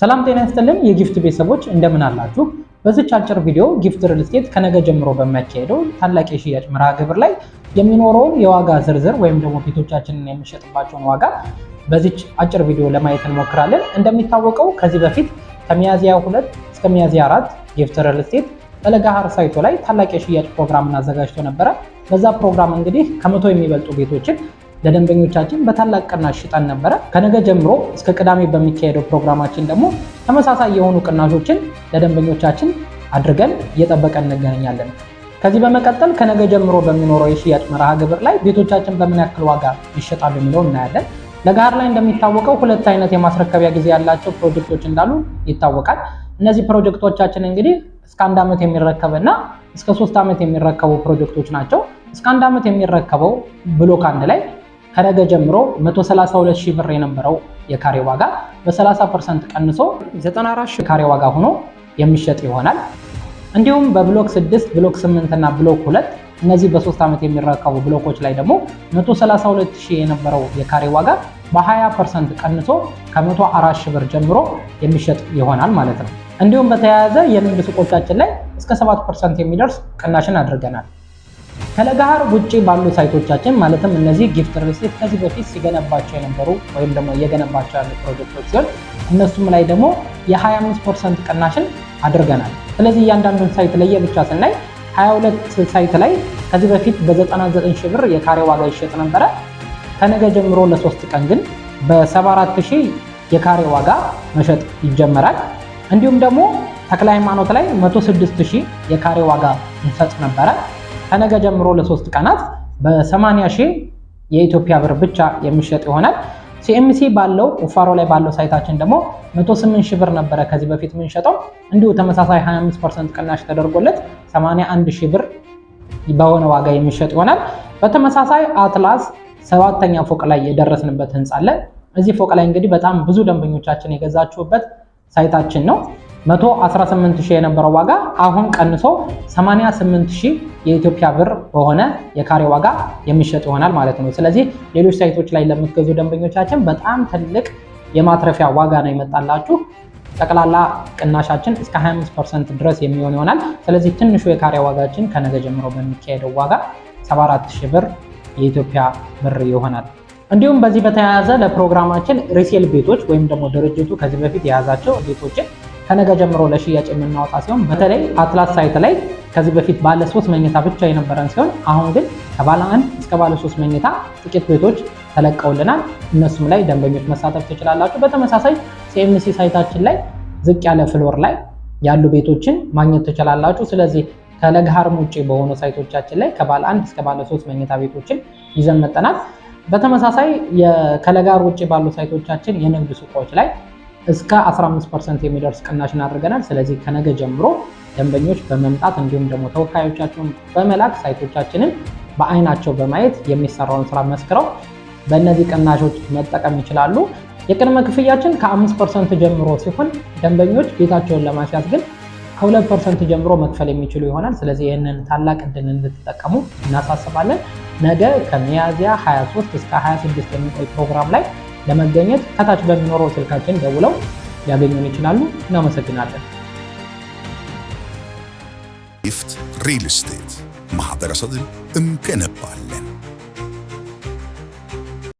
ሰላም ጤና ይስጥልን የጊፍት ቤተሰቦች እንደምን አላችሁ? በዚች አጭር ቪዲዮ ጊፍት ሪል ስቴት ከነገ ጀምሮ በሚያካሄደው ታላቅ የሽያጭ መርሃ ግብር ላይ የሚኖረውን የዋጋ ዝርዝር ወይም ደግሞ ቤቶቻችንን የምንሸጥባቸውን ዋጋ በዚች አጭር ቪዲዮ ለማየት እንሞክራለን። እንደሚታወቀው ከዚህ በፊት ከሚያዝያ ሁለት እስከ ሚያዝያ አራት ጊፍት ሪል ስቴት በለገሃር ሳይቶ ላይ ታላቅ የሽያጭ ፕሮግራምን አዘጋጅቶ ነበረ። በዛ ፕሮግራም እንግዲህ ከመቶ የሚበልጡ ቤቶችን ለደንበኞቻችን በታላቅ ቅናሽ ሽጠን ነበረ። ከነገ ጀምሮ እስከ ቅዳሜ በሚካሄደው ፕሮግራማችን ደግሞ ተመሳሳይ የሆኑ ቅናሾችን ለደንበኞቻችን አድርገን እየጠበቀን እንገናኛለን። ከዚህ በመቀጠል ከነገ ጀምሮ በሚኖረው የሽያጭ መርሃ ግብር ላይ ቤቶቻችን በምን ያክል ዋጋ ይሸጣሉ የሚለው እናያለን። ለጋር ላይ እንደሚታወቀው ሁለት አይነት የማስረከቢያ ጊዜ ያላቸው ፕሮጀክቶች እንዳሉ ይታወቃል። እነዚህ ፕሮጀክቶቻችን እንግዲህ እስከ አንድ ዓመት የሚረከብ እና እስከ ሶስት ዓመት የሚረከቡ ፕሮጀክቶች ናቸው። እስከ አንድ ዓመት የሚረከበው ብሎክ አንድ ላይ ከነገ ጀምሮ 132 ሺህ ብር የነበረው የካሬ ዋጋ በ30% ቀንሶ 94 ሺህ ካሬ ዋጋ ሆኖ የሚሸጥ ይሆናል። እንዲሁም በብሎክ 6 ብሎክ 8 እና ብሎክ 2 እነዚህ በሶስት ዓመት የሚረከቡ ብሎኮች ላይ ደግሞ 132 ሺህ የነበረው የካሬ ዋጋ በ20% ቀንሶ ከ104 ሺህ ብር ጀምሮ የሚሸጥ ይሆናል ማለት ነው። እንዲሁም በተያያዘ የንግድ ሱቆቻችን ላይ እስከ 7% የሚደርስ ቅናሽን አድርገናል። ከለጋሃር ውጭ ባሉ ሳይቶቻችን ማለትም እነዚህ ጊፍት ሪልስቴት ከዚህ በፊት ሲገነባቸው የነበሩ ወይም ደግሞ እየገነባቸው ያሉ ፕሮጀክቶች ሲሆን እነሱም ላይ ደግሞ የ25 ፐርሰንት ቅናሽን አድርገናል። ስለዚህ እያንዳንዱን ሳይት ለየብቻ ስናይ 22 ሳይት ላይ ከዚህ በፊት በ99 ሺህ ብር የካሬ ዋጋ ይሸጥ ነበረ። ከነገ ጀምሮ ለሶስት ቀን ግን በ74 ሺህ የካሬ ዋጋ መሸጥ ይጀመራል። እንዲሁም ደግሞ ተክለ ሃይማኖት ላይ 106 ሺህ የካሬ ዋጋ እንሰጥ ነበረ። ከነገ ጀምሮ ለሶስት ቀናት በ80 ሺህ የኢትዮጵያ ብር ብቻ የሚሸጥ ይሆናል። ሲኤምሲ ባለው ቁፋሮ ላይ ባለው ሳይታችን ደግሞ 108 ሺህ ብር ነበረ ከዚህ በፊት የምንሸጠው። እንዲሁ ተመሳሳይ 25% ቅናሽ ተደርጎለት 81 ሺህ ብር በሆነ ዋጋ የሚሸጥ ይሆናል። በተመሳሳይ አትላስ ሰባተኛ ፎቅ ላይ የደረስንበት ህንፃ አለ። እዚህ ፎቅ ላይ እንግዲህ በጣም ብዙ ደንበኞቻችን የገዛችሁበት ሳይታችን ነው። 118,000 የነበረው ዋጋ አሁን ቀንሶ 88,000 የኢትዮጵያ ብር በሆነ የካሬ ዋጋ የሚሸጥ ይሆናል ማለት ነው። ስለዚህ ሌሎች ሳይቶች ላይ ለምትገዙ ደንበኞቻችን በጣም ትልቅ የማትረፊያ ዋጋ ነው ይመጣላችሁ። ጠቅላላ ቅናሻችን እስከ 25% ድረስ የሚሆን ይሆናል። ስለዚህ ትንሹ የካሬ ዋጋችን ከነገ ጀምሮ በሚካሄደው ዋጋ 74000 ብር የኢትዮጵያ ብር ይሆናል። እንዲሁም በዚህ በተያያዘ ለፕሮግራማችን ሪሴል ቤቶች ወይም ደግሞ ድርጅቱ ከዚህ በፊት የያዛቸው ቤቶችን ከነገ ጀምሮ ለሽያጭ የምናወጣ ሲሆን በተለይ አትላስ ሳይት ላይ ከዚህ በፊት ባለ ሶስት መኝታ ብቻ የነበረን ሲሆን አሁን ግን ከባለ አንድ እስከ ባለ ሶስት መኝታ ጥቂት ቤቶች ተለቀውልናል። እነሱም ላይ ደንበኞች መሳተፍ ትችላላችሁ። በተመሳሳይ ሲኤምሲ ሳይታችን ላይ ዝቅ ያለ ፍሎር ላይ ያሉ ቤቶችን ማግኘት ትችላላችሁ። ስለዚህ ከለግሃርም ውጭ በሆኑ ሳይቶቻችን ላይ ከባለ አንድ እስከ ባለ ሶስት መኝታ ቤቶችን ይዘን መጠናል። በተመሳሳይ ከለጋር ውጭ ባሉ ሳይቶቻችን የንግድ ሱቆች ላይ እስከ 15 ፐርሰንት የሚደርስ ቅናሽን አድርገናል። ስለዚህ ከነገ ጀምሮ ደንበኞች በመምጣት እንዲሁም ደግሞ ተወካዮቻቸውን በመላክ ሳይቶቻችንን በአይናቸው በማየት የሚሰራውን ስራ መስክረው በእነዚህ ቅናሾች መጠቀም ይችላሉ። የቅድመ ክፍያችን ከ5 ፐርሰንት ጀምሮ ሲሆን ደንበኞች ቤታቸውን ለማስያዝ ግን ከ2 ፐርሰንት ጀምሮ መክፈል የሚችሉ ይሆናል። ስለዚህ ይህንን ታላቅ እድል እንድትጠቀሙ እናሳስባለን። ነገ ከሚያዝያ 23 እስከ 26 የሚቆይ ፕሮግራም ላይ ለመገኘት ከታች በሚኖረው ስልካችን ደውለው ሊያገኙን ይችላሉ። እናመሰግናለን። ጊፍት ሪል ስቴት ማህበረሰብን እንገነባለን።